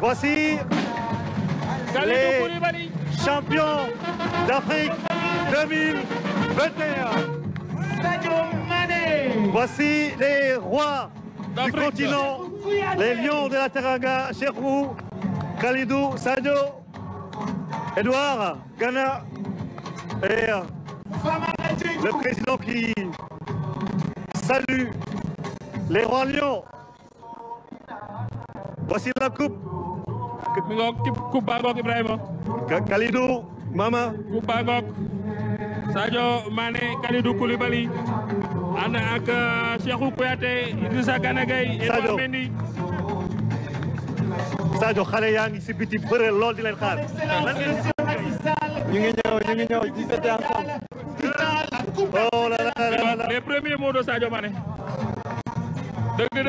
Voici les champions d'Afrique 2021. Voici les rois du continent, les lions de la Teranga, Cheikhou, Khalidou, Sadio, Edouard, Ghana et euh, le président qui salue les rois lions. voici la coupe. mi ngoog coupe baa ngoog Ibrahima. Kalidou Mama. coupe baa ngoog Sadio Mané Kalidou Koulibaly ànd ak euh, Cheikhou Kouyaté Idrissa Gana Gueye. Sadio Edouard Mendy. yaa ngi si biti lool di leen xaar. ñu ngi ñëw ñu ngi ñëw 17 la la la la les premiers mots de Sadio Mané. dëgg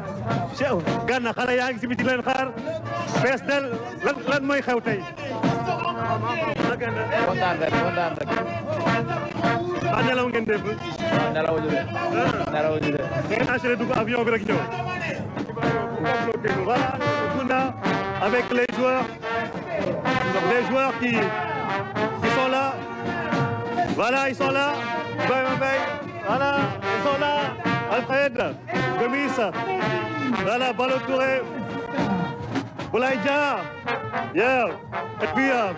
Cheikh Gana xale yaa ngi biti leen xaar fees del mooy xew tey. kontaan rek kontaan rek. ba nelaw ngeen def. nelaw ju de. nelaw ju de. da ngeen assuré dugg avion bi rek ñëw. voilà Kounda avec les joueurs les joueurs qui qui sont là voilà ils sont là Mbaye Mbaye voilà ils sont là. Alfred Gomis voilà Balo Touré Boulaye Dia yeah. et puis euh,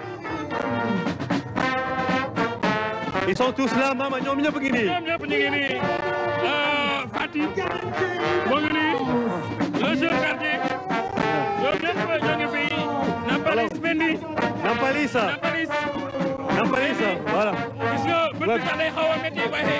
ils sont tous là maama ñoom ñëpp ngi nii. ñoom ñëpp ñu ngi nii Fatick moo ngi nii le jeu quartier ñoom ñëpp ñoo ngi fi Nampalis Mendy. Nampalis Nampalis. Nampalis voilà. gis nga bët bi sax day xaw a métti waaye.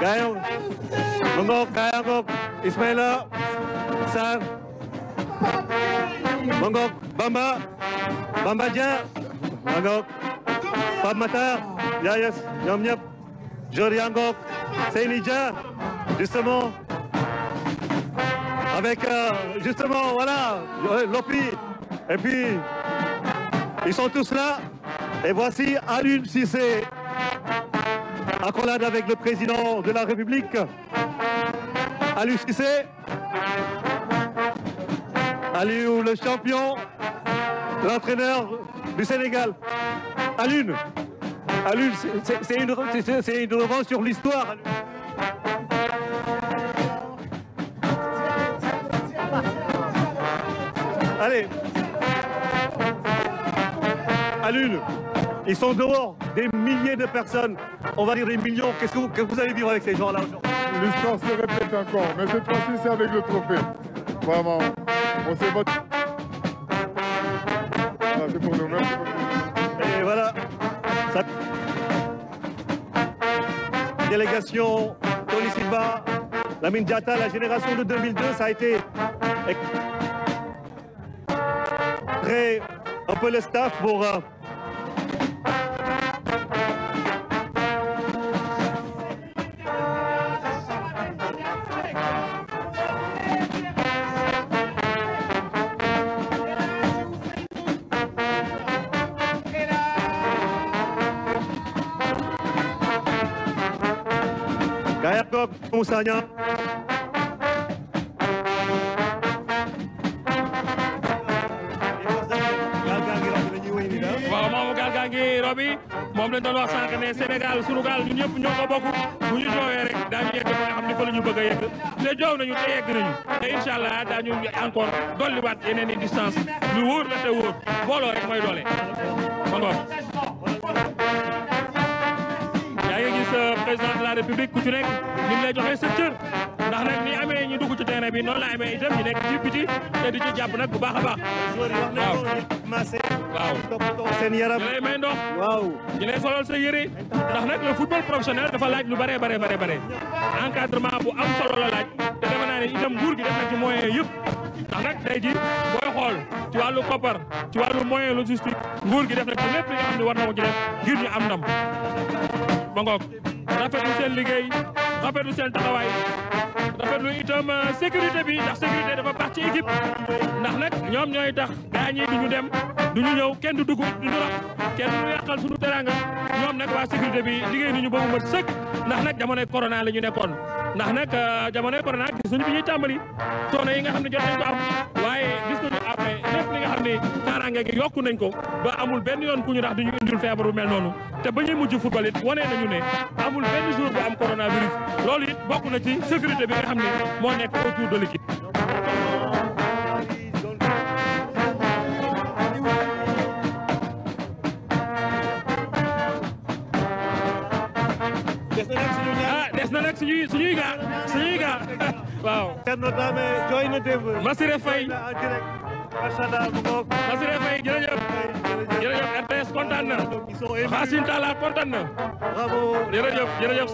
gaayam mu ngoog gaayam ngoog Ismaila Sarr mu ngoog Bamba Bamba Dia ma ngoog Pape Matar Yayes ñoom ñëpp Jory yaa ngoog Seyni Dia justement avec euh, justement voilà Lopi et puis ils sont tous là et voici Alioune Cissé Accolade avec le président de la République. Aliou Cissé. Aliou le champion, l'entraîneur du Sénégal. Alioune. Alioune, c'est une, revanche sur l'histoire. Allez. Alioune. Ils sont dehors, des milliers de personnes, on va dire des millions. que vous, que vivre avec ces gens-là aujourd'hui L'histoire se répète encore, mais cette fois c'est avec le trophée. Vraiment, on s'est battu. Voilà, voilà, ça... Délégation, Tony Silva, Lamine Diatta, la génération de 2002, a été très un peu le staff euh, Jacob Consagnan. waaw moom gaal gaa ngi robi moom lañ doon wax sànq Sénégal sunu gaal ñun ñëpp ñoo ko bokk ñu joowee rek daañu yegg ba nga xam ne la ñu bëgg a yegg te joow nañu te yegg nañu te incha allah encore dolliwaat yeneen i distance lu wóor la te wóor booloo rek mooy doole kon président de la république ku ci nekk ñu ngi lay joxe sa cër ndax bi noonu la amee itam ñu nekk ci biti te di a baax. waaw waaw seen yaram ñu lay may ndox. waaw ñu sa yére ndax nag le football professionnel dafa laaj lu bare bare bare bare encadrement bu am solo la laaj te defe naa ne itam nguur gi def na ci moyen yëpp ndax nag tey jii booy xool ci wàllu koppar ci wàllu moyen logistique nguur gi def na ci lépp li na ko ci def ngir ñu am ndam ba ngoog rafetlu seen liggéey rafetlu seen taxawaay rafetlu itam euh, sécurité bi ndax sécurité dafa baax ci équipe ndax nag ñoom ñooy tax gaa ñi du ñu dem du ñu ñëw kenn du dugg du ñu rax kenn du yàqal suñu teranga ñoom nag waa sécurité bi liggéey nañu ba mu mat sëkk ndax nag jamonoy corona la ñu nekkoon ndax nag euh, jamonoy corona gis nañu bi ñuy tàmbali coono yi nga xam ne jot nañ ko am waaye gis nañu waaye lépp li nga xam ne kaaraange gi yokku nañ ko ba amul benn yoon ku ñu ndax duñu te ba ñuy mujj football it wane nañu ne amul benn bokk na ci sécurité bi nga xam ne ah, waaw. Thierno Dramé macha allah bu ko. Massiré Faye jërëjëf. jërëjëf RTS kontaan na.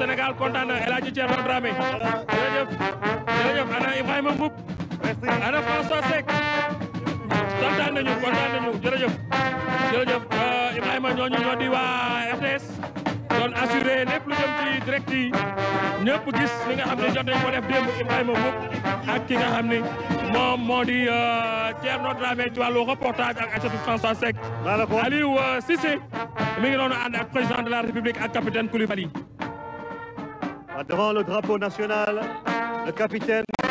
Sénégal kontaan El Hadj Thierno Dramé. jërëjëf jërëjëf ana Ibrahima Mboup. ana François Seck. kontaan nañu euh, Ibrahima ñooñu ñoo di waa RTS. doon assuré lépp lu jëm ci direct ñëpp gis li nga xam ne jot nañ ko def démb Ibrahima Mboup ak ki nga xam ne moom moo di euh, Thierno Dramé ci wàllu reportage ak Aïssatou François Seck Aliou euh, Cissé mi ngi noonu ànd ak président de la République ak capitaine Koulibaly ah, devant le drapeau national le capitaine